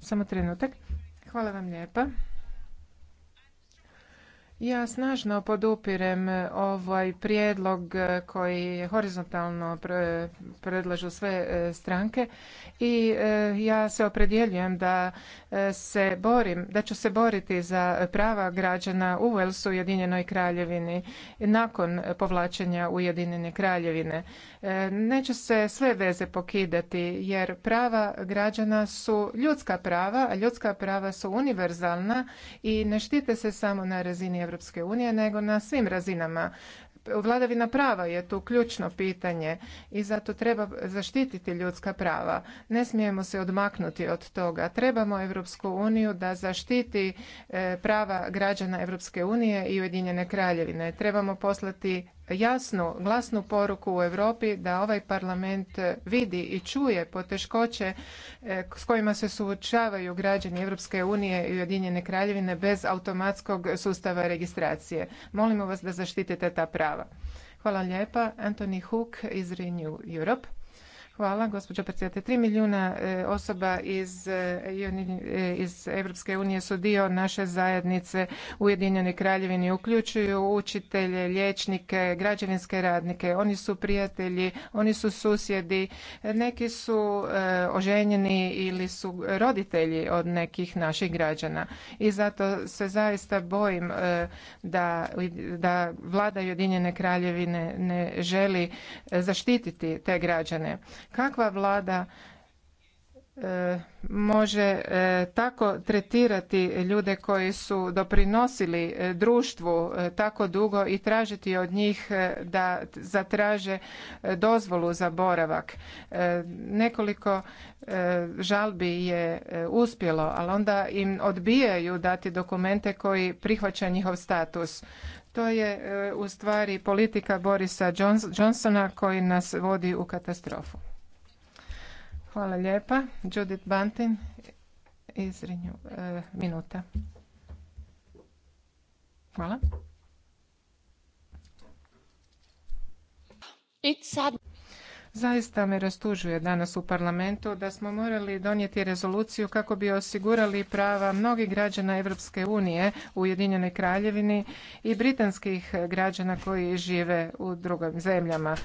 Samo trenutak. Hvala vam lijepa. Ja snažno podupirem e, ovaj prijedlog e, koji horizontalno e, predlažu sve stranke i ja se opredjeljujem da se borim, da ću se boriti za prava građana u Velsu Ujedinjenoj Kraljevini nakon povlačenja Ujedinjene Kraljevine. Neće se sve veze pokidati jer prava građana su ljudska prava, a ljudska prava su univerzalna i ne štite se samo na razini Europske unije nego na svim razinama. Vladavina prava je tu ključno pitanje i zato treba zaštititi ljudska prava. Ne smijemo se odmaknuti od toga. Trebamo Europsku uniju da zaštiti eh, prava građana Europske unije i Ujedinjene kraljevine. Trebamo poslati jasnu, glasnu poruku u Europi da ovaj parlament vidi i čuje poteškoće e, s kojima se suočavaju građani Europske unije i Ujedinjene kraljevine bez automatskog sustava registracije. Molimo vas da zaštitite ta prava. Hvala lijepa. Anthony Hook iz Renew Europe. Hvala, gospođo predsjedate. Tri milijuna e, osoba iz, e, e, iz Evropske unije su dio naše zajednice Ujedinjene kraljevini. Uključuju učitelje, liječnike, građevinske radnike. Oni su prijatelji, oni su susjedi. Neki su oženjeni ili su roditelji od nekih naših građana. I zato se zaista bojim da, da vlada Ujedinjene kraljevine ne želi zaštititi te građane Kakva vlada e, može e, tako tretirati ljude koji su doprinosili e, društvu tako dugo i tražiti od njih da zatraže dozvolu za boravak. Nekoliko žalbi je uspjelo, ali onda im odbijaju dati dokumente koji prihvaća njihov status. To je u stvari politika Borisa Johnsona koji nas vodi u katastrofu. Hvala lijepa. Judith Bantin izrinju e, eh, minuta. Hvala. It's sad. Zaista me rastužuje danas u parlamentu da smo morali donijeti rezoluciju kako bi osigurali prava mnogih građana Europske unije u Ujedinjenoj Kraljevini i britanskih građana koji žive u drugim zemljama.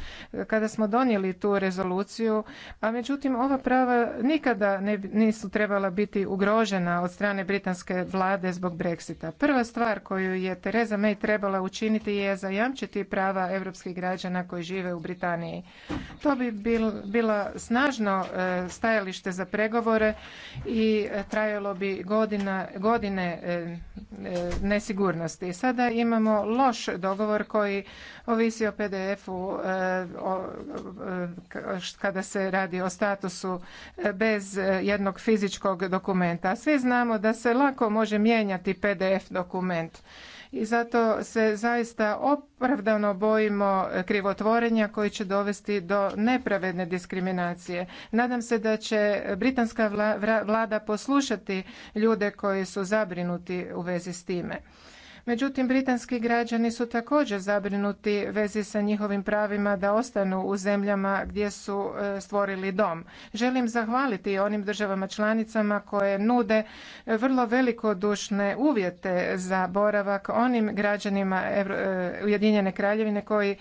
Kada smo donijeli tu rezoluciju, a međutim ova prava nikada ne, nisu trebala biti ugrožena od strane britanske vlade zbog Brexita. Prva stvar koju je Theresa May trebala učiniti je zajamčiti prava europskih građana koji žive u Britaniji. To to bi bilo snažno e, stajalište za pregovore i e, trajalo bi godina, godine e, nesigurnosti. Sada imamo loš dogovor koji ovisi o PDF-u kada se radi o statusu bez jednog fizičkog dokumenta. Svi znamo da se lako može mijenjati PDF dokument i zato se zaista opravdano bojimo krivotvorenja koji će dovesti do nepravedne diskriminacije. Nadam se da će britanska vlada poslušati ljude koji su zabrinuti u vezi s time. Međutim, britanski građani su također zabrinuti vezi sa njihovim pravima da ostanu u zemljama gdje su e, stvorili dom. Želim zahvaliti onim državama članicama koje nude e, vrlo velikodušne uvjete za boravak onim građanima e, Ujedinjene kraljevine koji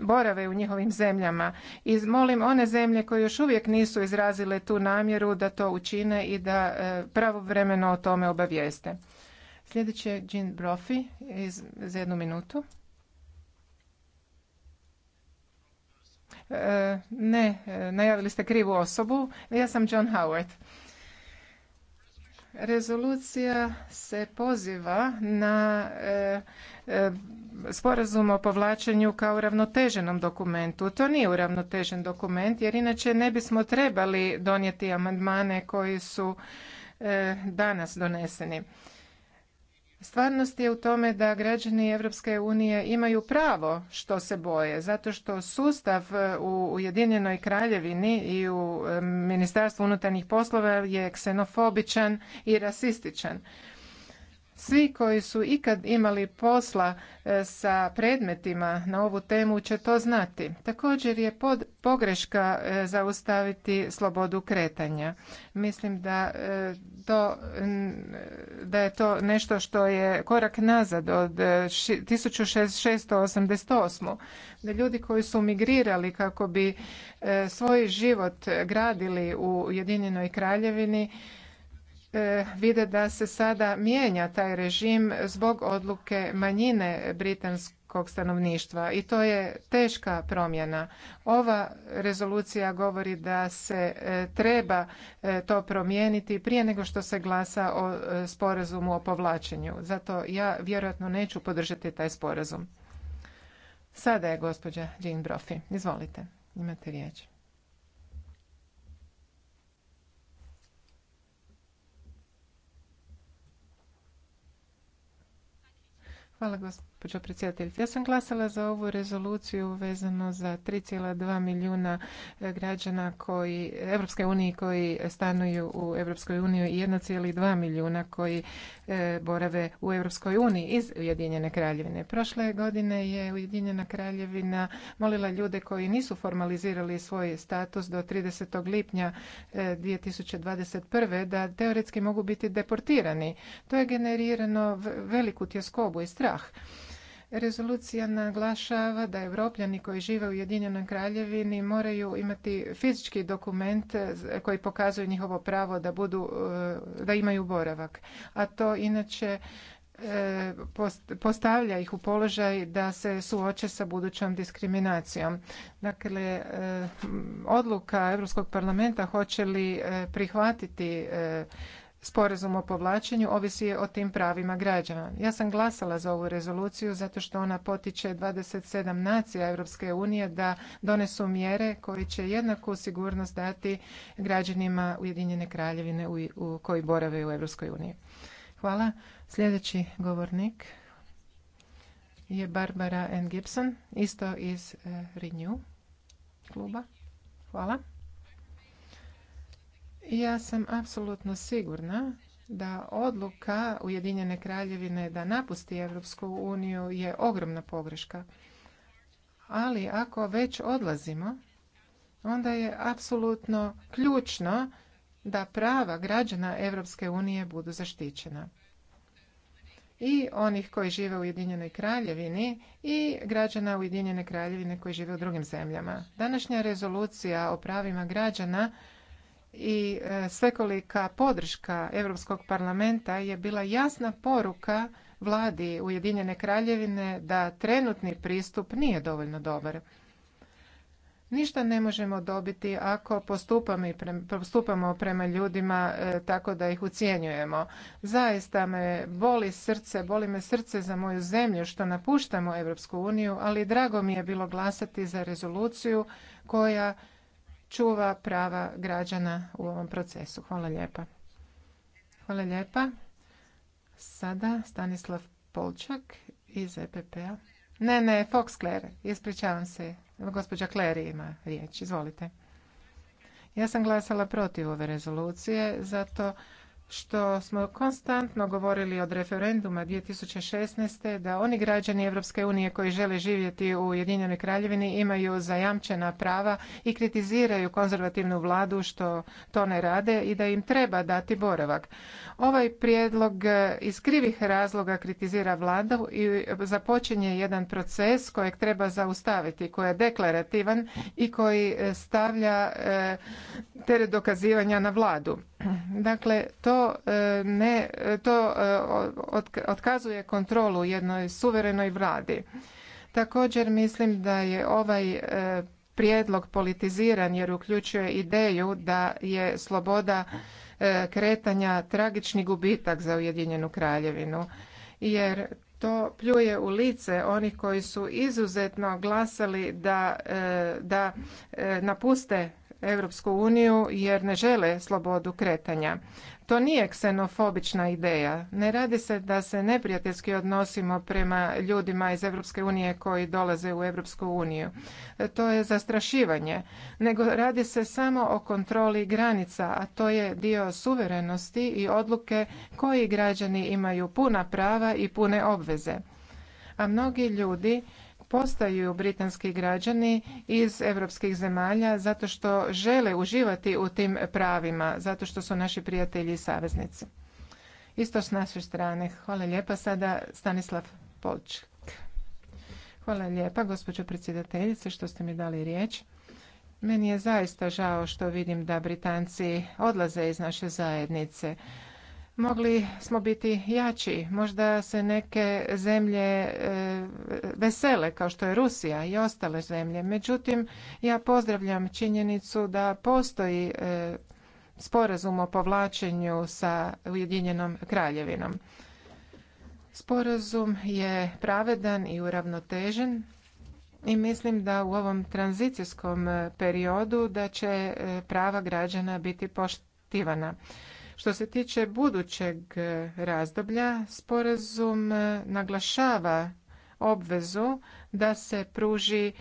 borave u njihovim zemljama. I molim one zemlje koje još uvijek nisu izrazile tu namjeru da to učine i da pravovremeno o tome obavijeste. Sljedeći je Jean Brophy iz, za jednu minutu. E, ne, e, najavili ste krivu osobu. Ja sam John Howard. Rezolucija se poziva na e, e, sporazum o povlačenju kao uravnoteženom dokumentu. To nije uravnotežen dokument jer inače ne bismo trebali donijeti amandmane koji su danas doneseni. Stvarnost je u tome da građani Europske unije imaju pravo što se boje, zato što sustav e, u Ujedinjenoj kraljevini i u e, Ministarstvu unutarnjih poslova je ksenofobičan i rasističan. Svi koji su ikad imali posla e, sa predmetima na ovu temu će to znati. Također je pod pogreška e, zaustaviti slobodu kretanja. Mislim da e, to da je to nešto što je korak nazad od 1688. Da ljudi koji su migrirali kako bi svoj život gradili u Ujedinjenoj Kraljevini E, vide da se sada mijenja taj režim zbog odluke manjine britanskog stanovništva i to je teška promjena. Ova rezolucija govori da se e, treba e, to promijeniti prije nego što se glasa o sporazumu o povlačenju. Zato ja vjerojatno neću podržati taj sporazum. Sada je gospođa Jean Brophy. Izvolite, imate riječ. Hvala gospođo predsjedateljice. Ja sam glasala za ovu rezoluciju vezano za 3,2 milijuna eh, građana koji, Evropske unije koji stanuju u Europskoj uniji i 1,2 milijuna koji eh, borave u Europskoj uniji iz Ujedinjene kraljevine. Prošle godine je Ujedinjena kraljevina molila ljude koji nisu formalizirali svoj status do 30. lipnja 2021. Eh, da teoretski mogu biti deportirani. To je generirano veliku tjeskobu i strah. Rezolucija naglašava da evropljani koji žive u Ujedinjenoj kraljevini moraju imati fizički dokument koji pokazuje njihovo pravo da, budu, e, da imaju boravak. A to inače e, postavlja ih u položaj da se suoče sa budućom diskriminacijom. Dakle, e, odluka Europskog parlamenta hoće li prihvatiti sporazum o povlačenju ovisi je o tim pravima građana. Ja sam glasala za ovu rezoluciju zato što ona potiče 27 nacija Europske unije da donesu mjere koje će jednaku sigurnost dati građanima Ujedinjene kraljevine u koji borave u Europskoj uniji. Hvala. Sljedeći govornik je Barbara N. Gibson, isto iz eh, Renew kluba. Hvala. Ja sam apsolutno sigurna da odluka Ujedinjene kraljevine da napusti Europsku uniju je ogromna pogreška. Ali ako već odlazimo, onda je apsolutno ključno da prava građana Europske unije budu zaštićena. I onih koji žive u Ujedinjenoj kraljevini i građana Ujedinjene kraljevine koji žive u drugim zemljama. Današnja rezolucija o pravima građana i e, svekolika podrška Europskog parlamenta je bila jasna poruka vladi Ujedinjene kraljevine da trenutni pristup nije dovoljno dobar. Ništa ne možemo dobiti ako postupamo prema ljudima e, tako da ih ucijenjujemo. Zaista me boli srce, boli me srce za moju zemlju što napuštamo Europsku uniju, ali drago mi je bilo glasati za rezoluciju koja čuva prava građana u ovom procesu. Hvala lijepa. Hvala lijepa. Sada Stanislav Polčak iz EPP-a. Ne, ne, Fox Kler, ispričavam se. Gospođa kleri ima riječ, izvolite. Ja sam glasala protiv ove rezolucije zato što smo konstantno govorili od referenduma 2016. da oni građani Europske unije koji žele živjeti u Ujedinjenoj Kraljevini imaju zajamčena prava i kritiziraju konzervativnu vladu što to ne rade i da im treba dati boravak. Ovaj prijedlog iz krivih razloga kritizira vladu i započinje jedan proces kojeg treba zaustaviti, koji je deklarativan i koji stavlja e, teret dokazivanja na vladu. Dakle, to to e, to e, otkazuje kontrolu jednoj suverenoj vladi. Također mislim da je ovaj e, prijedlog politiziran jer uključuje ideju da je sloboda kretanja tragični gubitak za Ujedinjenu kraljevinu jer to pljuje u lice onih koji su izuzetno glasali da, da napuste Europsku uniju jer ne žele slobodu kretanja. To nije ksenofobična ideja. Ne radi se da se neprijateljski odnosimo prema ljudima iz Europske unije koji dolaze u Europsku uniju. E, to je zastrašivanje. Nego radi se samo o kontroli granica, a to je dio suverenosti i odluke koji građani imaju puna prava i pune obveze. A mnogi ljudi postaju britanski građani iz europskih zemalja zato što žele uživati u tim pravima, zato što su naši prijatelji i saveznici. Isto s naše strane. Hvala lijepa. Sada Stanislav Polček. Hvala lijepa, gospođo predsjedateljice, što ste mi dali riječ. Meni je zaista žao što vidim da Britanci odlaze iz naše zajednice mogli smo biti jači. Možda se neke zemlje e, vesele kao što je Rusija i ostale zemlje. Međutim, ja pozdravljam činjenicu da postoji e, sporazum o povlačenju sa Ujedinjenom kraljevinom. Sporazum je pravedan i uravnotežen i mislim da u ovom tranzicijskom periodu da će e, prava građana biti poštivana. Što se tiče budućeg e, razdoblja, sporazum e, naglašava obvezu da se pruži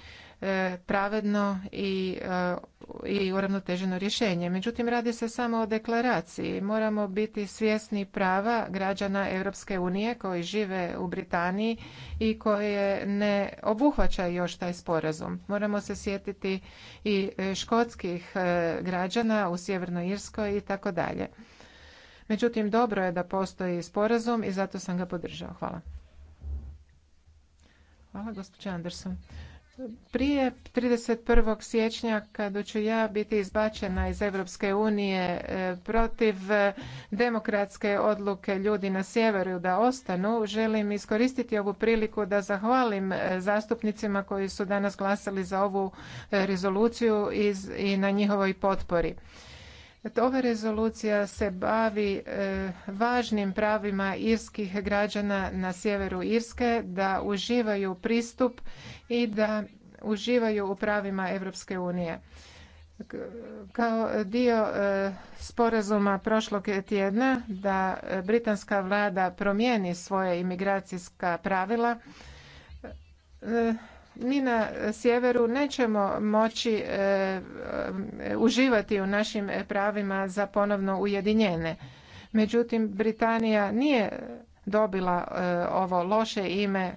e, pravedno i, i uravnoteženo rješenje. Međutim, radi se samo o deklaraciji. Moramo biti svjesni prava građana Europske unije koji žive u Britaniji i koje ne obuhvaća još taj sporazum. Moramo se sjetiti i škotskih građana u Sjevernoj Irskoj i tako dalje. Međutim, dobro je da postoji sporazum i zato sam ga podržao. Hvala. Hvala, gospođa Anderson. Prije 31. siječnja kada ću ja biti izbačena iz Europske unije e, protiv e, demokratske odluke ljudi na sjeveru da ostanu, želim iskoristiti ovu priliku da zahvalim e, zastupnicima koji su danas glasali za ovu rezoluciju i na njihovoj potpori. Ova rezolucija se bavi e, važnim pravima irskih građana na sjeveru Irske da uživaju pristup i da uživaju u pravima Europske unije. Kao dio e, sporazuma prošlog tjedna da britanska vlada promijeni svoje imigracijska pravila, e, mi na sjeveru nećemo moći e, e, uživati u našim pravima za ponovno ujedinjene. Međutim, Britanija nije dobila e, ovo loše ime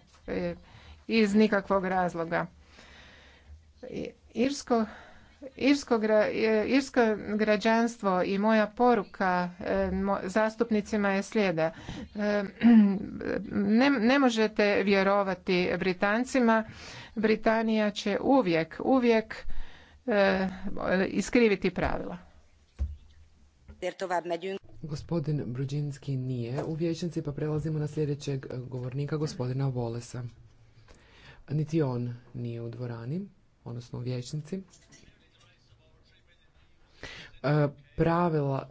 iz nikakvog razloga. Irsko Irsko, e, irsko građanstvo i moja poruka e, zastupnicima je slijeda. E, ne, ne možete vjerovati Britancima. Britanija će uvijek, uvijek iskriviti pravila. Gospodin Bruđinski nije u vijećnici, pa prelazimo na sljedećeg govornika, gospodina Volesa. Niti on nije u dvorani, odnosno u vijećnici. E, pravila,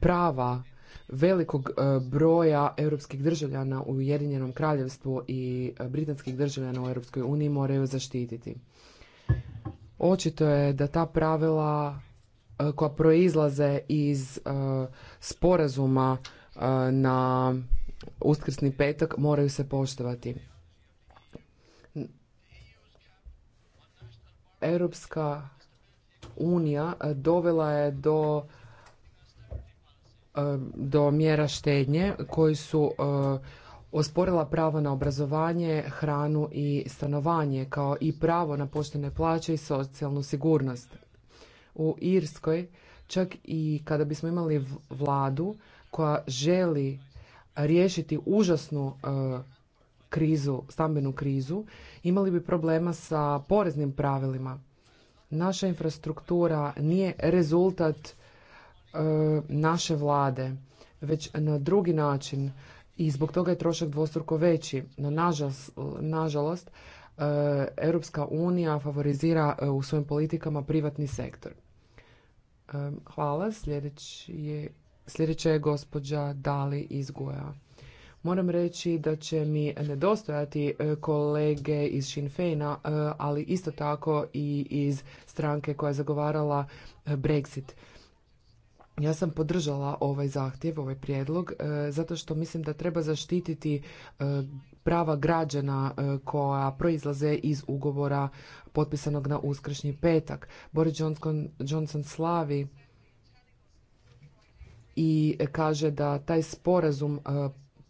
prava velikog e, broja europskih državljana u Ujedinjenom kraljevstvu i e, britanskih državljana u Europskoj uniji moraju zaštititi. Očito je da ta pravila koja proizlaze iz sporazuma na uskrsni petak moraju se poštovati. Europska unija e, dovela je do e, do mjera štednje koji su e, osporila pravo na obrazovanje, hranu i stanovanje, kao i pravo na poštene plaće i socijalnu sigurnost. U Irskoj, čak i kada bismo imali vladu koja želi riješiti užasnu krizu, stambenu krizu, imali bi problema sa poreznim pravilima. Naša infrastruktura nije rezultat e, naše vlade, već na drugi način i zbog toga je trošak dvostruko veći. No, nažalost, nažalost e, Europska unija favorizira e, u svojim politikama privatni sektor. Hvala. Sljedeći je, sljedeća je gospođa Dali iz Moram reći da će mi nedostojati e, kolege iz Sinn e, ali isto tako i iz stranke koja je zagovarala e, Brexit. Ja sam podržala ovaj zahtjev, ovaj prijedlog, zato što mislim da treba zaštititi prava građana koja proizlaze iz ugovora potpisanog na uskršnji petak. Boris Johnson, Johnson slavi i kaže da taj sporazum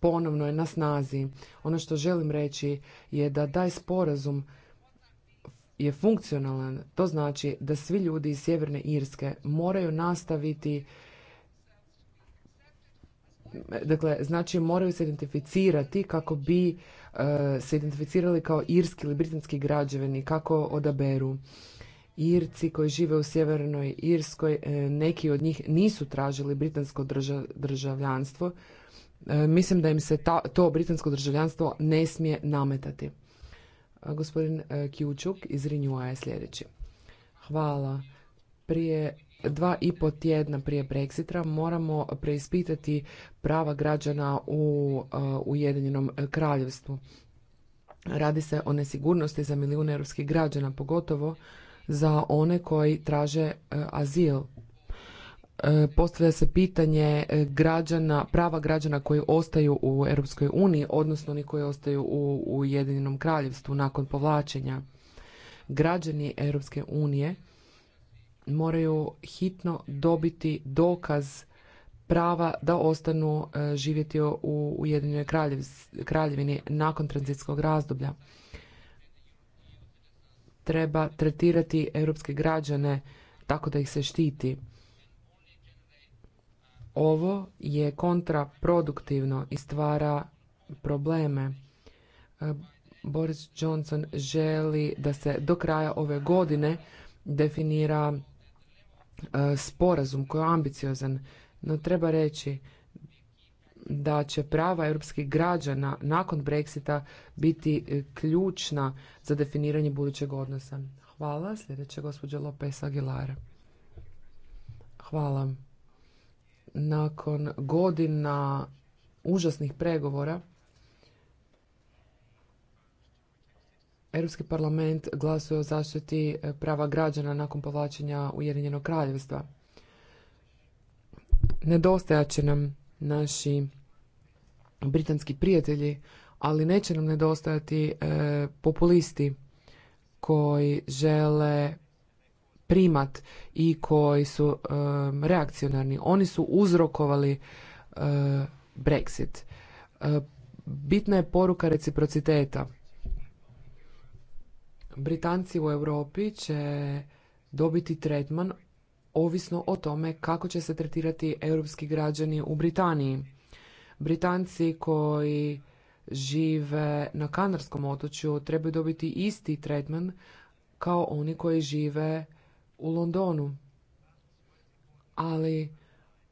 ponovno je na snazi. Ono što želim reći je da taj sporazum je funkcionalan. To znači da svi ljudi iz Sjeverne Irske moraju nastaviti dakle, znači moraju se identificirati kako bi e, se identificirali kao irski ili britanski građevini, kako odaberu. Irci koji žive u sjevernoj Irskoj, e, neki od njih nisu tražili britansko državljanstvo, E, mislim da im se ta, to britansko državljanstvo ne smije nametati. E, gospodin e, Kjučuk iz Rinjua je sljedeći. Hvala. Prije dva i po tjedna prije Brexitra moramo preispitati prava građana u Ujedinjenom kraljevstvu. Radi se o nesigurnosti za milijune europskih građana, pogotovo za one koji traže azil E, postavlja se pitanje e, građana, prava građana koji ostaju u Europskoj uniji, odnosno oni koji ostaju u Ujedinjenom kraljevstvu nakon povlačenja. Građani Europske unije moraju hitno dobiti dokaz prava da ostanu e, živjeti u Ujedinjenoj kraljevini nakon tranzitskog razdoblja. Treba tretirati europske građane tako da ih se štiti ovo je kontraproduktivno i stvara probleme. E, Boris Johnson želi da se do kraja ove godine definira e, sporazum koji je ambiciozan, no treba reći da će prava europskih građana nakon Brexita biti e, ključna za definiranje budućeg odnosa. Hvala. Sljedeća gospođa Lopez Aguilar. Hvala nakon godina užasnih pregovora Europski parlament glasuje o zaštiti eh, prava građana nakon povlačenja Ujedinjenog kraljevstva. Nedostajat će nam naši britanski prijatelji, ali neće nam nedostajati eh, populisti koji žele primat i koji su reakcionarni. Oni su uzrokovali eh, Brexit. Eh, bitna je poruka reciprociteta. Britanci u Europi će dobiti tretman ovisno o tome kako će se tretirati europski građani u Britaniji. Britanci koji žive na Kanarskom otočju trebaju dobiti isti tretman kao oni koji žive u Londonu. Ali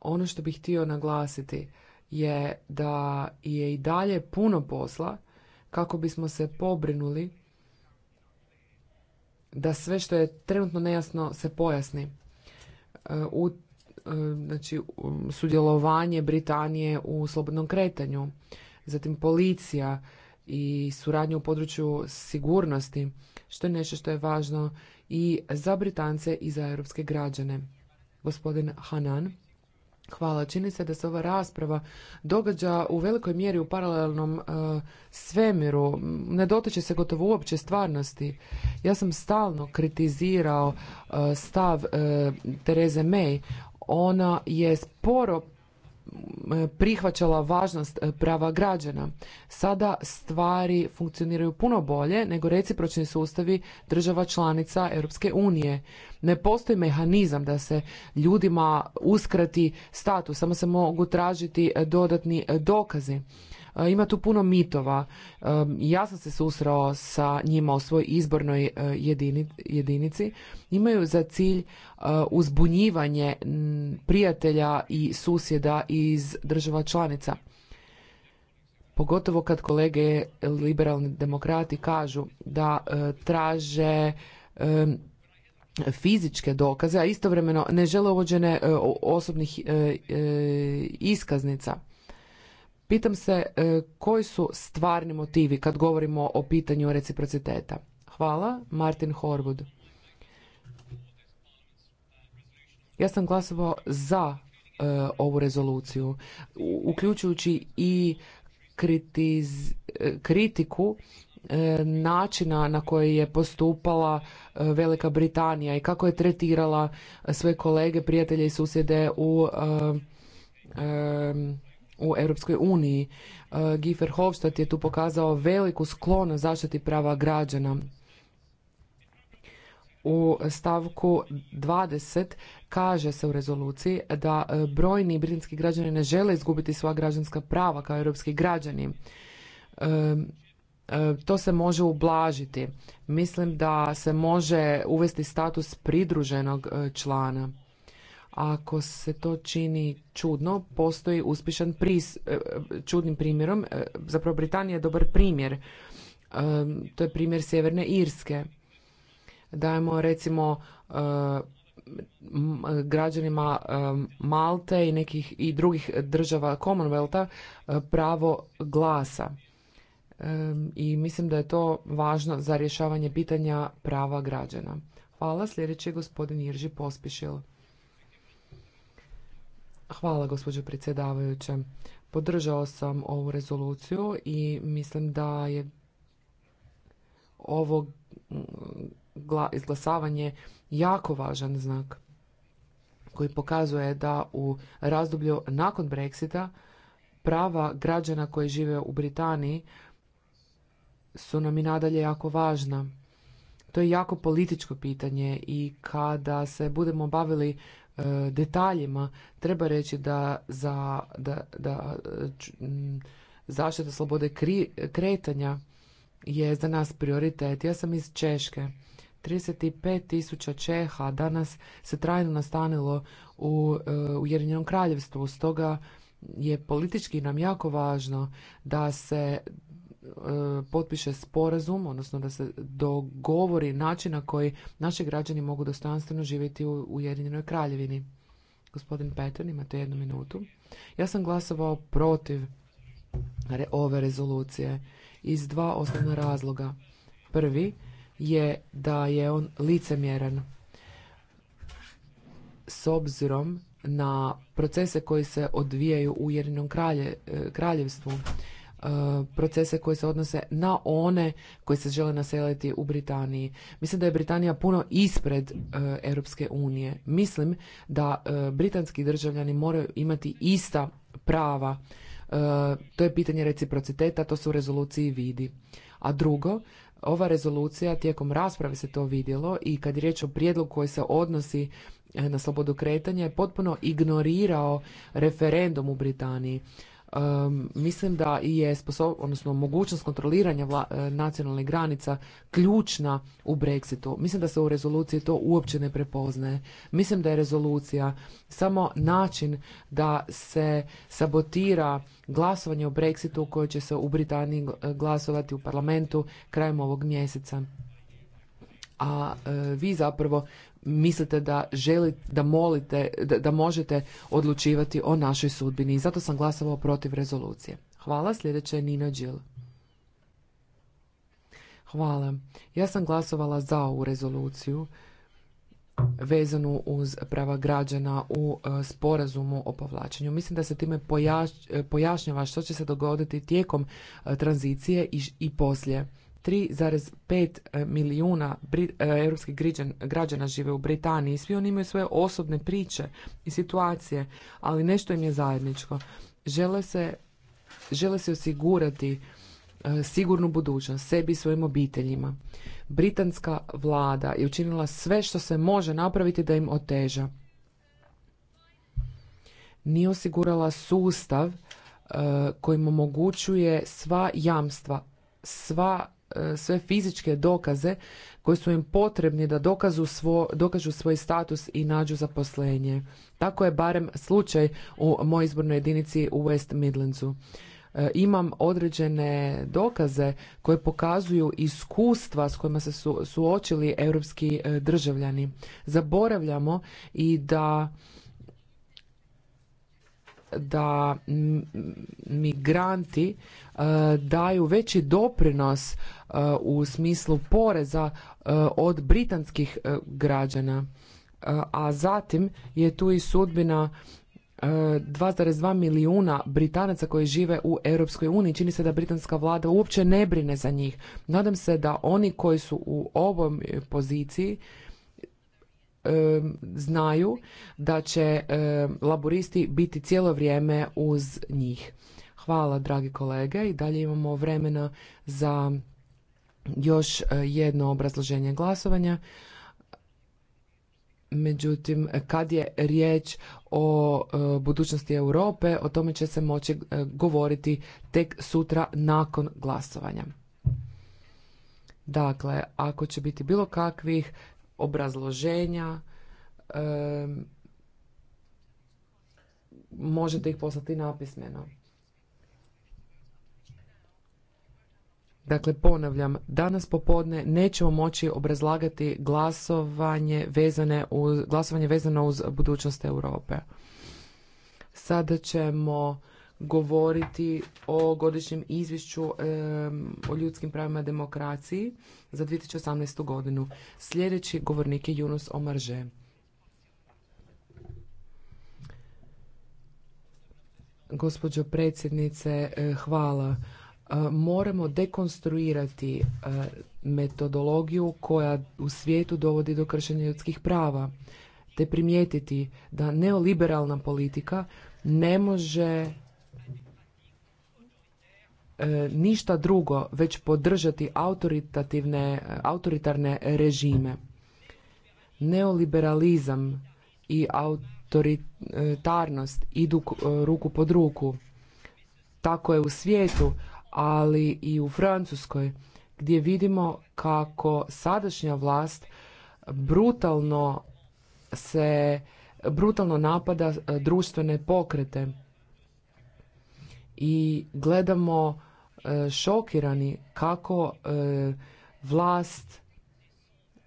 ono što bih htio naglasiti je da je i dalje puno posla kako bismo se pobrinuli da sve što je trenutno nejasno se pojasni. U, znači, sudjelovanje Britanije u slobodnom kretanju, zatim policija i suradnju u području sigurnosti, što je nešto što je važno i za Britance i za europske građane. Gospodin Hanan. Hvala. Čini se da se ova rasprava događa u velikoj mjeri u paralelnom e, svemiru. Ne dotiče se gotovo uopće stvarnosti. Ja sam stalno kritizirao e, stav uh, e, Tereze May. Ona je sporo E, prihvaćala važnost e, prava građana. Sada stvari funkcioniraju puno bolje nego recipročni sustavi država članica Europske unije. Ne postoji mehanizam da se ljudima uskrati status, samo se mogu tražiti e, dodatni dokazi. Ima tu puno mitova. Ja sam se susrao sa njima u svojoj izbornoj e, jedinici. Imaju za cilj e, uzbunjivanje prijatelja i susjeda iz država članica. Pogotovo kad kolege liberalni demokrati kažu da e, traže fizičke dokaze, a istovremeno ne žele uvođene osobnih iskaznica. Pitam se e, koji su stvarni motivi kad govorimo o pitanju reciprociteta. Hvala, Martin Horwood. Ja sam glasovao za e, ovu rezoluciju, uključujući i e, kritiku načina na koji je postupala Velika Britanija i kako je tretirala sve kolege, prijatelje i susjede u u Europskoj uniji. E, Gifer Hofstadt je tu pokazao veliku sklon zaštiti prava građana. U stavku 20 kaže se u rezoluciji da e, brojni britanski građani ne žele izgubiti svoja građanska prava kao europski građani. E, to se može ublažiti. Mislim da se može uvesti status pridruženog člana. Ako se to čini čudno, postoji uspješan pris, e, e, čudnim primjerom, e, zapravo Britanija je dobar primjer, to je primjer Sjeverne Irske. Dajemo recimo građanima Malte i nekih i drugih država Commonwealtha pravo glasa. I mislim da je to važno za rješavanje pitanja prava građana. Hvala. Sljedeći je gospodin Irži Pospišil. Hvala, gospođo predsjedavajuća. Podržao sam ovu rezoluciju i mislim da je ovo mm, izglasavanje jako važan znak koji pokazuje da u razdoblju nakon Brexita prava građana koji žive u Britaniji su nam i nadalje jako važna. To je jako političko pitanje i kada se budemo bavili E, detaljima treba reći da za da, da zaštita slobode kretanja je za nas prioritet. Ja sam iz Češke. 35.000 tisuća Čeha danas se trajno nastanilo u e, Ujedinjenom kraljevstvu. Stoga je politički nam jako važno da se potpiše sporazum, odnosno da se dogovori način na koji naši građani mogu dostojanstveno živjeti u Ujedinjenoj kraljevini. Gospodin Petan, imate jednu minutu. Ja sam glasovao protiv ove rezolucije iz dva osnovna razloga. Prvi je da je on licemjeran s obzirom na procese koji se odvijaju u ujedinjenom kralje, e, kraljevstvu Eh, procese koji se odnose na one koji se žele naseliti u Britaniji. Mislim da je Britanija puno ispred eh, Europske unije. Mislim da eh, britanski državljani moraju imati ista prava. To je pitanje reciprociteta, to se u rezoluciji vidi. A drugo, ova rezolucija tijekom rasprave se to vidjelo i kad je riječ o prijedlogu koji se odnosi na slobodu kretanja je potpuno ignorirao referendum u Britaniji. Um, mislim da je sposob, odnosno mogućnost kontroliranja e, nacionalnih granica ključna u Brexitu. Mislim da se u rezoluciji to uopće ne prepoznaje. Mislim da je rezolucija samo način da se sabotira glasovanje o Brexitu koje će se u Britaniji e, glasovati u parlamentu krajem ovog mjeseca. A e, vi zapravo mislite da želite, da molite, da, da možete odlučivati o našoj sudbini. I zato sam glasovao protiv rezolucije. Hvala. Sljedeća je Nina Đil. Hvala. Ja sam glasovala za ovu rezoluciju vezanu uz prava građana u e, sporazumu o povlačenju. Mislim da se time e, pojašnjava što će se dogoditi tijekom e, tranzicije i poslije 3,5 e, milijuna e, europskih građana žive u Britaniji. Svi oni imaju svoje osobne priče i situacije, ali nešto im je zajedničko. Žele se, žele se osigurati e, sigurnu budućnost sebi i svojim obiteljima. Britanska vlada je učinila sve što se može napraviti da im oteža. Nije osigurala sustav kojim omogućuje sva jamstva, sva E, sve fizičke dokaze koji su im potrebni da dokazu svo, dokažu svoj status i nađu zaposlenje. Tako je barem slučaj u mojoj izbornoj jedinici u West Midlandsu. E, imam određene dokaze koje pokazuju iskustva s kojima se su, suočili europski e, državljani. Zaboravljamo i da da migranti e, daju veći doprinos e, u smislu poreza e, od britanskih građana. A zatim je tu i sudbina 2,2 milijuna Britanaca koji žive u Europskoj uniji. Čini se da britanska vlada uopće ne brine za njih. Nadam se da oni koji su u ovom poziciji znaju da će laboristi biti cijelo vrijeme uz njih. Hvala, dragi kolege. I dalje imamo vremena za još e, jedno obrazloženje glasovanja. Međutim, kad je riječ o e, budućnosti Europe, o tome će se moći e, govoriti tek sutra nakon glasovanja. Dakle, ako će biti bilo kakvih obrazloženja, možete ih poslati napismeno. Dakle, ponavljam, danas popodne nećemo moći obrazlagati glasovanje, uz, glasovanje vezano uz budućnost Europe. Sada ćemo govoriti o godišnjem izvješću o ljudskim pravima demokraciji za 2018. godinu. Sljedeći govornik je Yunus Omarže. Gospođo predsjednice, e, hvala. E, moramo dekonstruirati e, metodologiju koja u svijetu dovodi do kršenja ljudskih prava te primijetiti da neoliberalna politika ne može E, ništa drugo već podržati autoritativne, autoritarne režime. Neoliberalizam i autoritarnost idu e, ruku pod ruku. Tako je u svijetu, ali i u Francuskoj gdje vidimo kako sadašnja vlast brutalno se brutalno napada e, društvene pokrete i gledamo E, šokirani kako e, vlast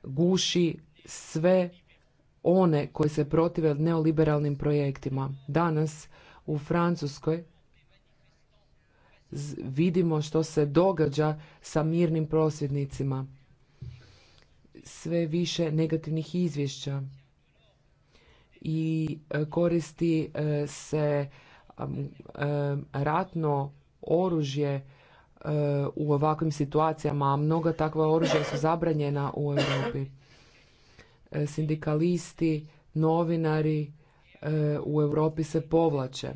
guši sve one koji se protive neoliberalnim projektima. Danas u Francuskoj vidimo što se događa sa mirnim prosvjednicima. Sve više negativnih izvješća i e, koristi se ratno oružje u ovakvim situacijama, a mnoga takva oružja su zabranjena u Europi. E, sindikalisti, novinari e, u Europi se povlače. E,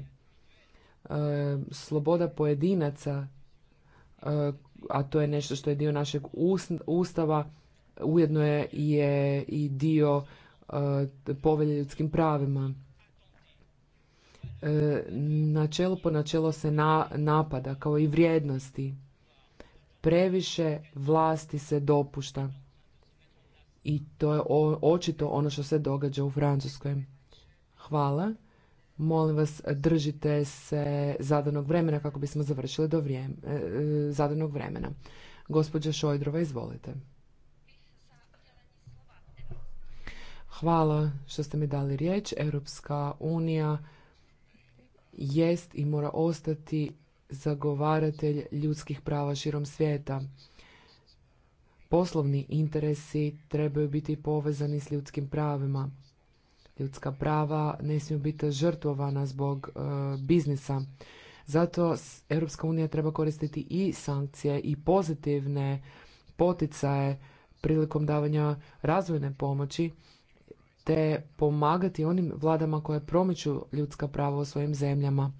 sloboda pojedinaca, a to je nešto što je dio našeg ustava, ujedno je i dio povelje ljudskim pravima. E, načelo po načelo se na, napada kao i vrijednosti. Previše vlasti se dopušta i to je očito ono što se događa u Francuskoj. Hvala. Molim vas držite se zadanog vremena kako bismo završili do e, zadanog vremena. Gospođa Šojdrova, izvolite. Hvala što ste mi dali riječ. Europska unija jest i mora ostati zagovaratelj ljudskih prava širom svijeta. Poslovni interesi trebaju biti povezani s ljudskim pravima. Ljudska prava ne smiju biti žrtvovana zbog e, biznisa. Zato Europska unija treba koristiti i sankcije i pozitivne poticaje prilikom davanja razvojne pomoći te pomagati onim vladama koje promiču ljudska prava u svojim zemljama.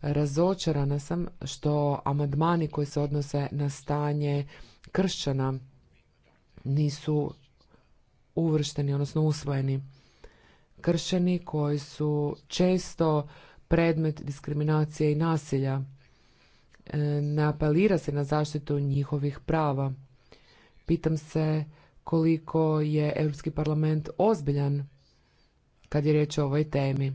Razočarana sam što amandmani koji se odnose na stanje kršćana nisu uvršteni, odnosno usvojeni. Kršćani koji su često predmet diskriminacije i nasilja. E, ne apelira se na zaštitu njihovih prava. Pitam se koliko je Europski parlament ozbiljan kad je riječ o ovoj temi.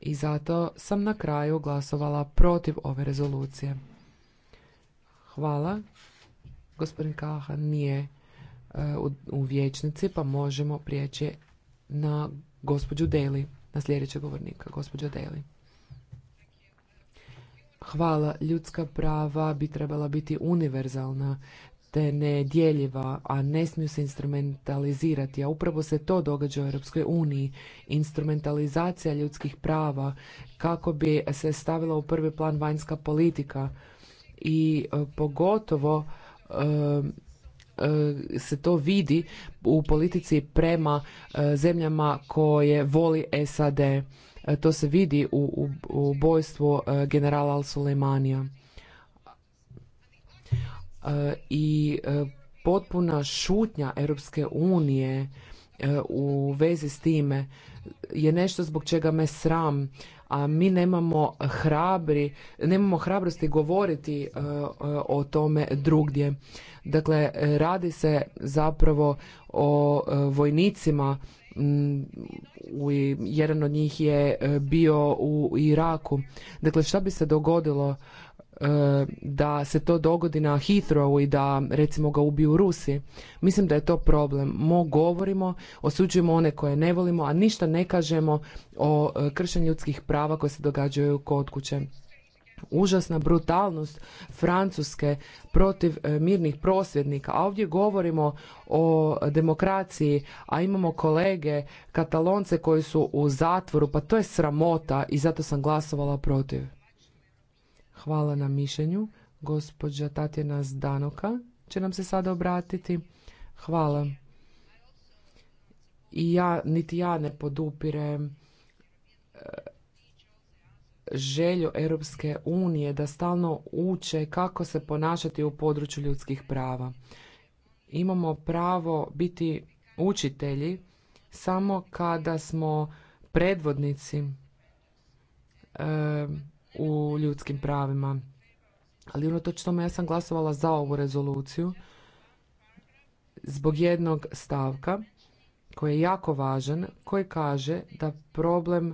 I zato sam na kraju glasovala protiv ove rezolucije. Hvala. Gospodin Kaha nije e, u vječnici, pa možemo prijeći na gospođu Deli, na sljedećeg govornika, gospođa Deli. Hvala. Ljudska prava bi trebala biti univerzalna te nedjeljiva, a ne smiju se instrumentalizirati, a upravo se to događa u Europskoj uniji. Instrumentalizacija ljudskih prava kako bi se stavila u prvi plan vanjska politika i e, pogotovo e, e, se to vidi u politici prema zemljama koje voli SAD. To se vidi u ubojstvu generala al suleimanija E, i e, potpuna šutnja Europske unije e, u vezi s time je nešto zbog čega me sram, a mi nemamo hrabri, nemamo hrabrosti govoriti o tome drugdje. Dakle, radi se zapravo o vojnicima jedan od njih je bio u Iraku. Dakle, šta bi se dogodilo E, da se to dogodi na Heathrowu i da recimo ga ubiju Rusi. Mislim da je to problem. Mo govorimo, osuđujemo one koje ne volimo, a ništa ne kažemo o e, kršenju ljudskih prava koje se događaju kod kuće. Užasna brutalnost Francuske protiv e, mirnih prosvjednika, a ovdje govorimo o demokraciji, a imamo kolege katalonce koji su u zatvoru, pa to je sramota i zato sam glasovala protiv. Hvala na mišljenju. Gospođa Tatjana Zdanoka će nam se sada obratiti. Hvala. I ja, niti ja ne podupirem e, želju Europske unije da stalno uče kako se ponašati u području ljudskih prava. Imamo pravo biti učitelji samo kada smo predvodnici e, u ljudskim pravima. Ali unatoč tome ja sam glasovala za ovu rezoluciju zbog jednog stavka koji je jako važan, koji kaže da problem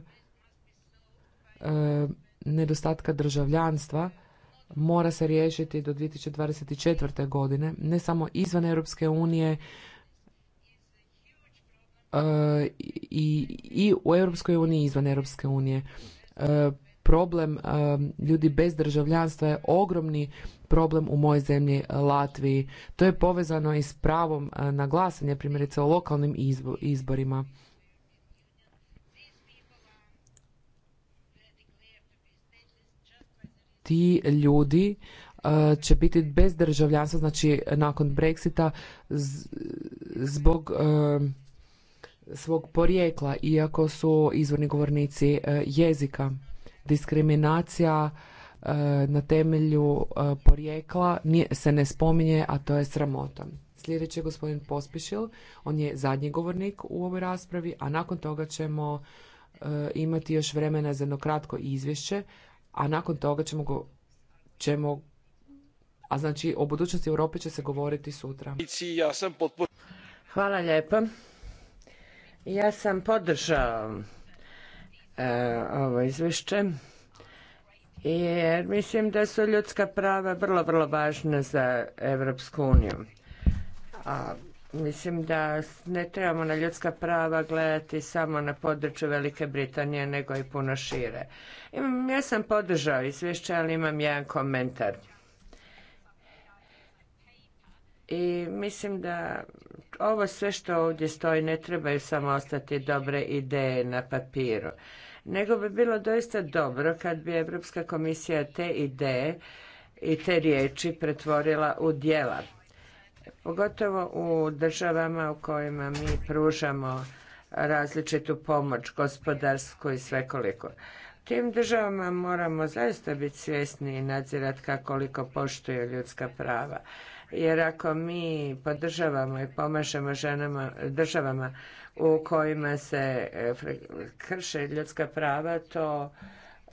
e, nedostatka državljanstva mora se riješiti do 2024. godine, ne samo izvan Europske unije e, i, i u Europskoj uniji i izvan Europske unije. E, problem eh, ljudi bez državljanstva je ogromni problem u mojoj zemlji eh, Latviji. To je povezano i s pravom eh, na glasanje, primjerice o lokalnim izborima. Ti ljudi će biti bez državljanstva, znači nakon Brexita, zbog svog porijekla, iako su izvorni govornici jezika. Diskriminacija e, na temelju e, porijekla se ne spominje, a to je sramota. Sljedeći je gospodin Pospišil, on je zadnji govornik u ovoj raspravi, a nakon toga ćemo e, imati još vremena za jedno kratko izvješće, a nakon toga ćemo, ćemo a znači o budućnosti Europe će se govoriti sutra. Hvala lijepo. Ja sam podržao E, ovo izvješće jer mislim da su ljudska prava vrlo, vrlo važna za Evropsku uniju. A mislim da ne trebamo na ljudska prava gledati samo na području Velike Britanije, nego i puno šire. Ja sam podržao izvješće, ali imam jedan komentar. I mislim da ovo sve što ovdje stoji ne trebaju samo ostati dobre ideje na papiru, nego bi bilo doista dobro kad bi Europska komisija te ideje i te riječi pretvorila u djela. Pogotovo u državama u kojima mi pružamo različitu pomoć, gospodarsku i svekoliko. Tim državama moramo zaista biti svjesni i nadzirati kako koliko poštuju ljudska prava jer ako mi podržavamo i pomažemo ženama, državama u kojima se e, krše ljudska prava, to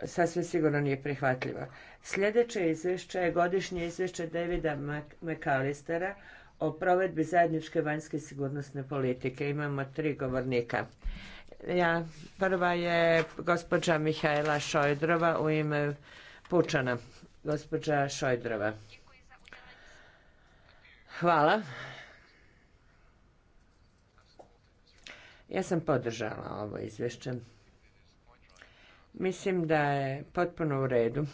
sasvim sigurno nije prihvatljivo. Sljedeće izvješće je godišnje izvješće Davida McAllistera o provedbi zajedničke vanjske sigurnosne politike. Imamo tri govornika. Ja, prva je gospođa Mihajla Šojdrova u ime Pučana. Gospođa Šojdrova. Hvala. Ja sam podržala ovo izvješće. Mislim da je potpuno u redu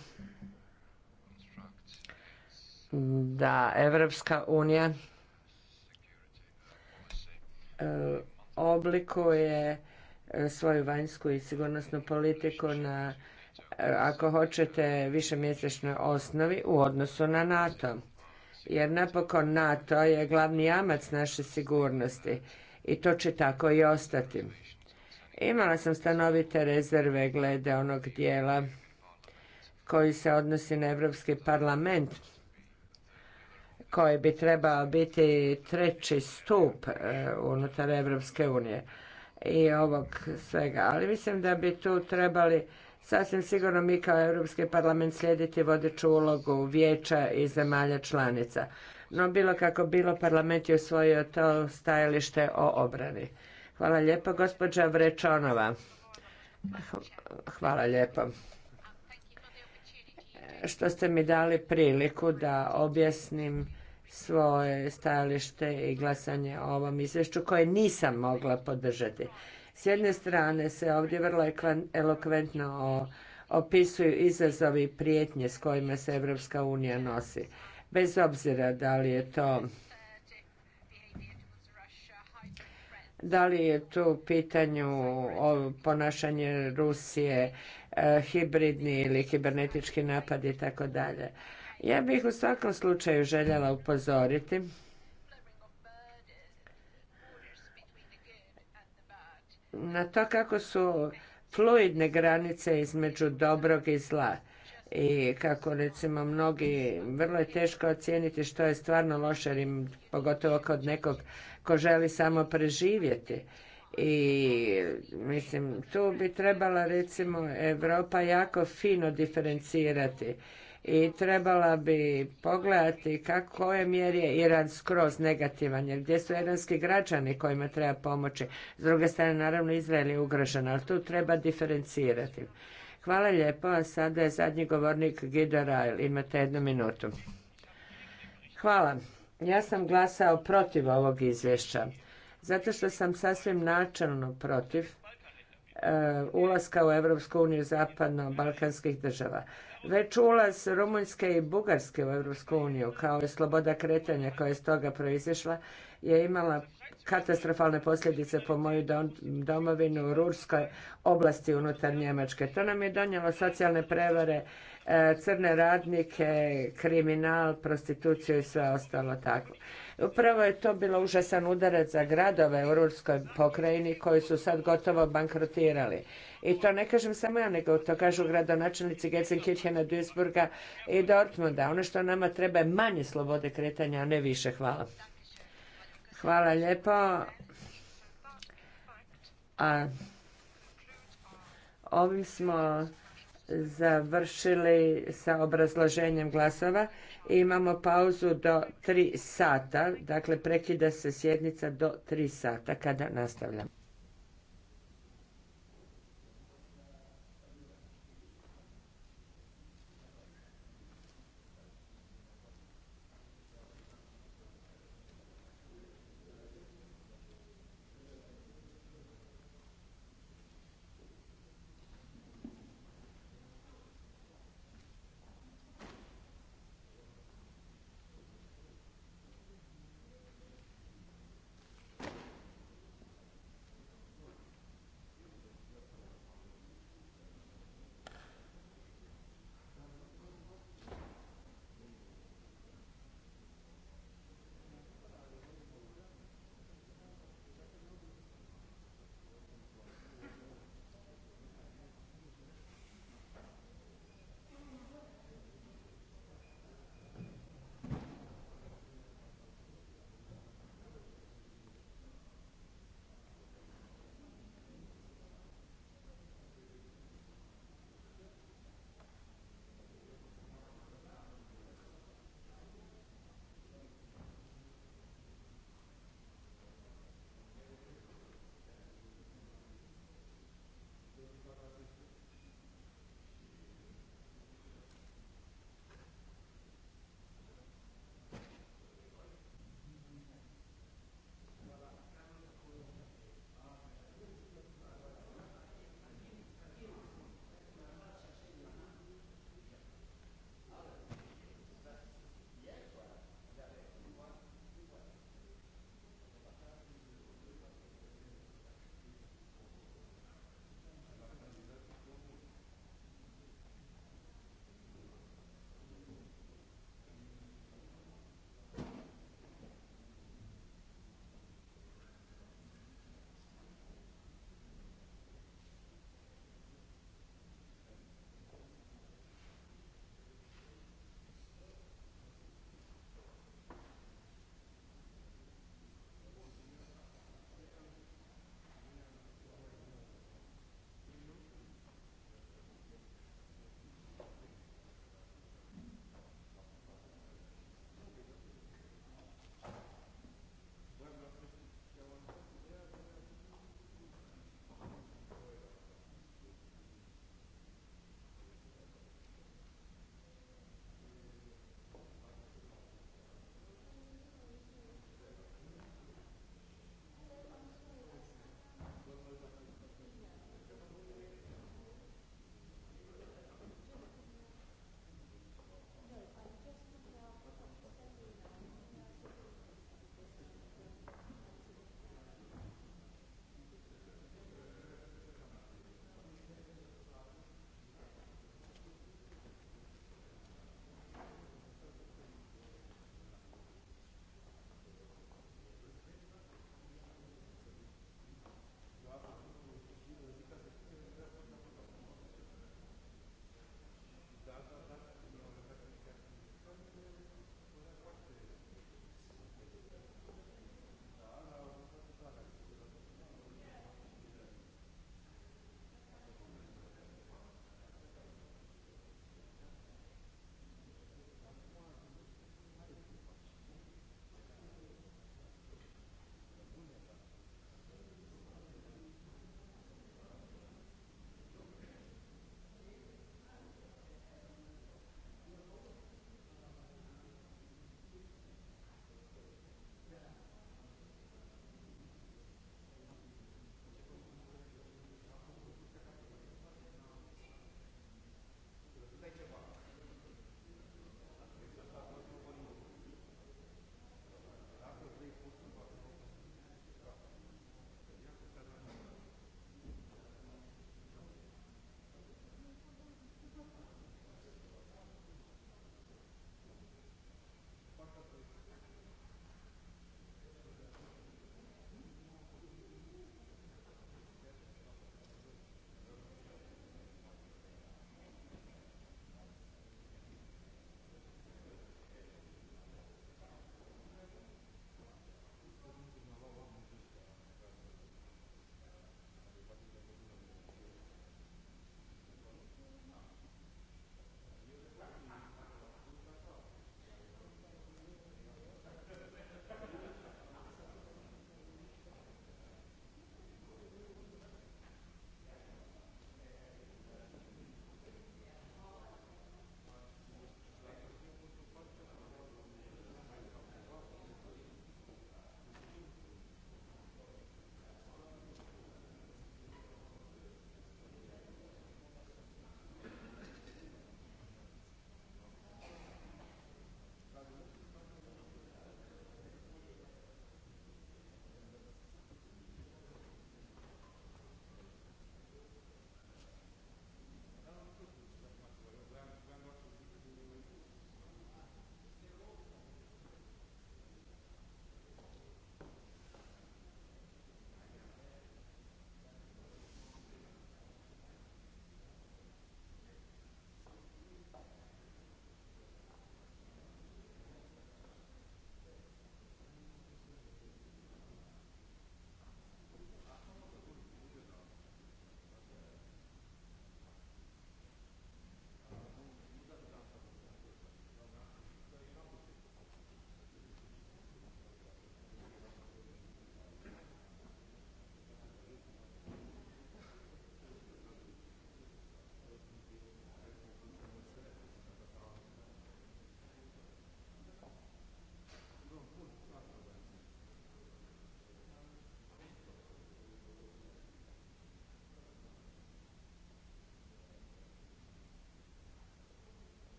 da Evropska unija e, oblikuje e, svoju vanjsku i sigurnosnu politiku na, e, ako hoćete, višemjesečnoj osnovi u odnosu na NATO jer napokon NATO je glavni jamac naše sigurnosti i to će tako i ostati. Imala sam stanovite rezerve glede onog dijela koji se odnosi na Europski parlament koji bi trebao biti treći stup e, unutar Evropske unije i ovog svega. Ali mislim da bi tu trebali Sasvim sigurno mi kao Europski parlament slijediti vodeću ulogu vijeća i zemalja članica. No bilo kako bilo, parlament je osvojio to stajalište o obrani. Hvala lijepo, gospođa Vrečonova. Hvala lijepo. Što ste mi dali priliku da objasnim svoje stajalište i glasanje o ovom izvješću koje nisam mogla podržati. S jedne strane se ovdje vrlo elokventno opisuju izazovi i prijetnje s kojima se Evropska unija nosi. Bez obzira da li je to da li je tu u pitanju ponašanje Rusije, e, hibridni ili kibernetički napad i tako dalje. Ja bih u svakom slučaju željela upozoriti na to kako su fluidne granice između dobrog i zla i kako recimo mnogi vrlo je teško ocijeniti što je stvarno loše, pogotovo kod nekog ko želi samo preživjeti. I mislim, tu bi trebala recimo Europa jako fino diferencirati i trebala bi pogledati kako koje mjeri je Iran skroz negativan, jer gdje su iranski građani kojima treba pomoći. S druge strane, naravno, Izrael je ugrožen, ali tu treba diferencirati. Hvala lijepo, a sada je zadnji govornik Gido Rajl. Imate jednu minutu. Hvala. Ja sam glasao protiv ovog izvješća, zato što sam sasvim načelno protiv e, ulaska u Europsku uniju zapadno-balkanskih država. Već ulaz Rumunjske i Bugarske u EU kao i sloboda kretanja koja je iz toga proizišla, je imala katastrofalne posljedice po moju domovinu u Rurskoj oblasti unutar Njemačke. To nam je donijelo socijalne prevare, e, crne radnike, kriminal, prostituciju i sve ostalo tako. Upravo je to bilo užasan udarac za gradove u Ruskoj pokrajini koji su sad gotovo bankrotirali. I to ne kažem samo ja, nego to kažu gradonačelnici Gelsenkirchena, Duisburga i Dortmunda. Ono što nama treba je manje slobode kretanja, a ne više. Hvala. Hvala lijepo. A ovim smo završili sa obrazloženjem glasova imamo pauzu do 3 sata, dakle prekida se sjednica do 3 sata kada nastavljamo.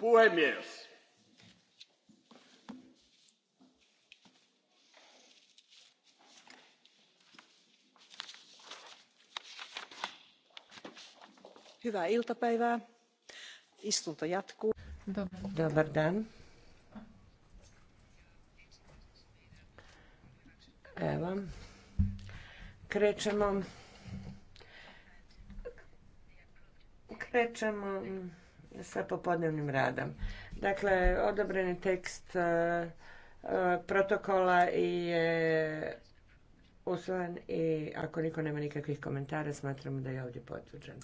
puhemies hyvää iltapäivää istunto jatkuu. dobar dan. evo krećemo krećemo sa popodnevnim radom. Dakle, odobreni tekst e, e, protokola je usvojen i ako niko nema nikakvih komentara smatramo da je ovdje potvrđen.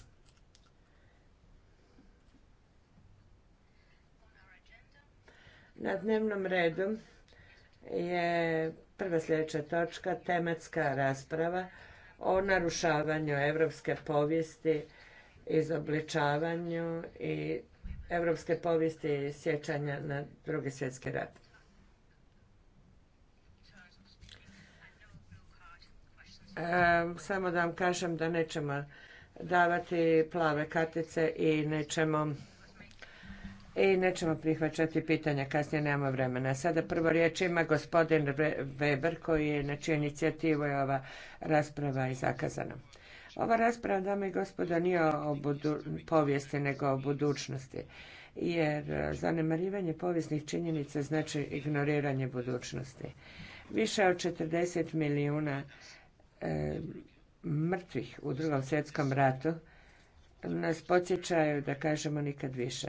Na dnevnom redu je prva sljedeća točka tematska rasprava o narušavanju europske povijesti izobličavanju i evropske povijesti i sjećanja na drugi svjetski rat. Ehm, samo da vam kažem da nećemo davati plave kartice i nećemo i nećemo prihvaćati pitanja, kasnije nemamo vremena. Sada prvo riječ ima gospodin Weber koji je na čiju inicijativu je ova rasprava i zakazana. Ova rasprava, dame i gospodo, nije o povijesti, nego o budućnosti. Jer e, zanemarivanje povijesnih činjenica znači ignoriranje budućnosti. Više od 40 milijuna e, mrtvih u drugom svjetskom ratu nas podsjećaju da kažemo nikad više.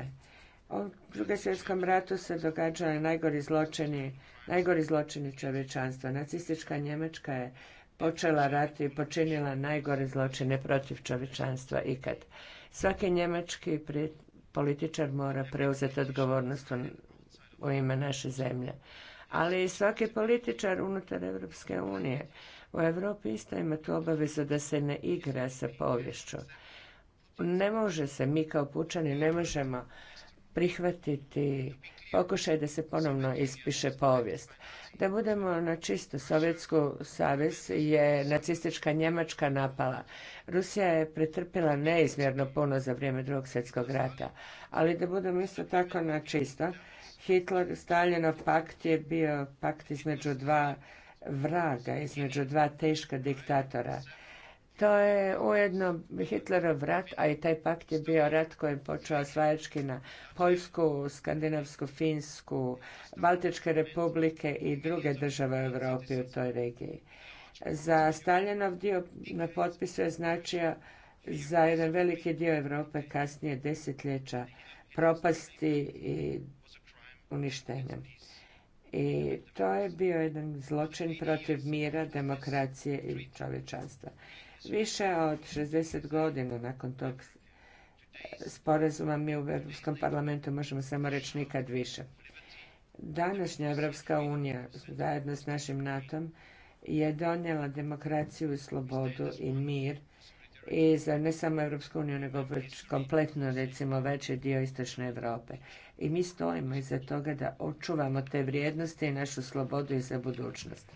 U drugom svjetskom ratu se događaju najgori zločini, najgori zločini čovječanstva. Nacistička Njemačka je počela rat i počinila najgore zločine protiv čovječanstva ikad. Svaki njemački političar mora preuzeti odgovornost u ime naše zemlje. Ali i svaki političar unutar Europske unije. U Europi isto ima tu obavezu da se ne igra sa povješću. Ne može se, mi kao pučani ne možemo prihvatiti pokušaj da se ponovno ispiše povijest. Da budemo na čisto, Sovjetsku savez je nacistička Njemačka napala. Rusija je pretrpila neizmjerno puno za vrijeme drugog svjetskog rata. Ali da budemo isto tako na čisto, Hitler, Stalinov pakt je bio pakt između dva vraga, između dva teška diktatora to je ujedno Hitlerov rat, a i taj pakt je bio rat koji je počeo osvajački na Poljsku, Skandinavsku, Finsku, Baltičke republike i druge države u Europi u toj regiji. Za Staljanov dio na potpisu je značio za jedan veliki dio Europe kasnije desetljeća propasti i uništenja. I to je bio jedan zločin protiv mira, demokracije i čovječanstva. Više od 60 godina nakon tog sporazuma mi u Europskom parlamentu možemo samo reći nikad više. Današnja Evropska unija zajedno s našim NATO-om je donijela demokraciju i slobodu i mir i za ne samo Europsku uniju, nego već kompletno, recimo, veći dio Istočne Europe. I mi stojimo iza toga da očuvamo te vrijednosti i našu slobodu i za budućnost.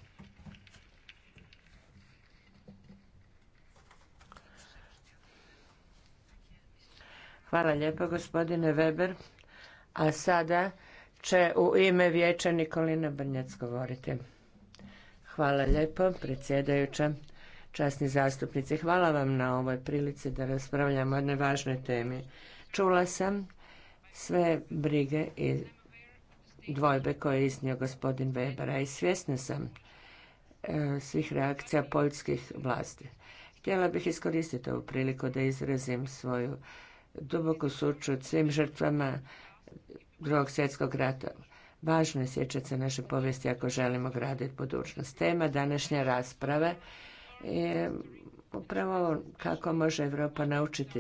Hvala lijepo gospodine Weber. A sada će u ime vijeća Nikolina Brnjac govoriti. Hvala lijepo, predsjedajuća, časni zastupnici. Hvala vam na ovoj prilici da raspravljamo o jednoj važnoj temi. Čula sam sve brige i dvojbe koje je iznio gospodin Weber, a i svjesna sam e, svih reakcija poljskih vlasti. Htjela bih iskoristiti ovu priliku da izrazim svoju duboko sučut svim žrtvama drugog svjetskog rata. Važno je sjećati se naše povijesti ako želimo graditi budućnost. Tema današnje rasprave je upravo kako može Europa naučiti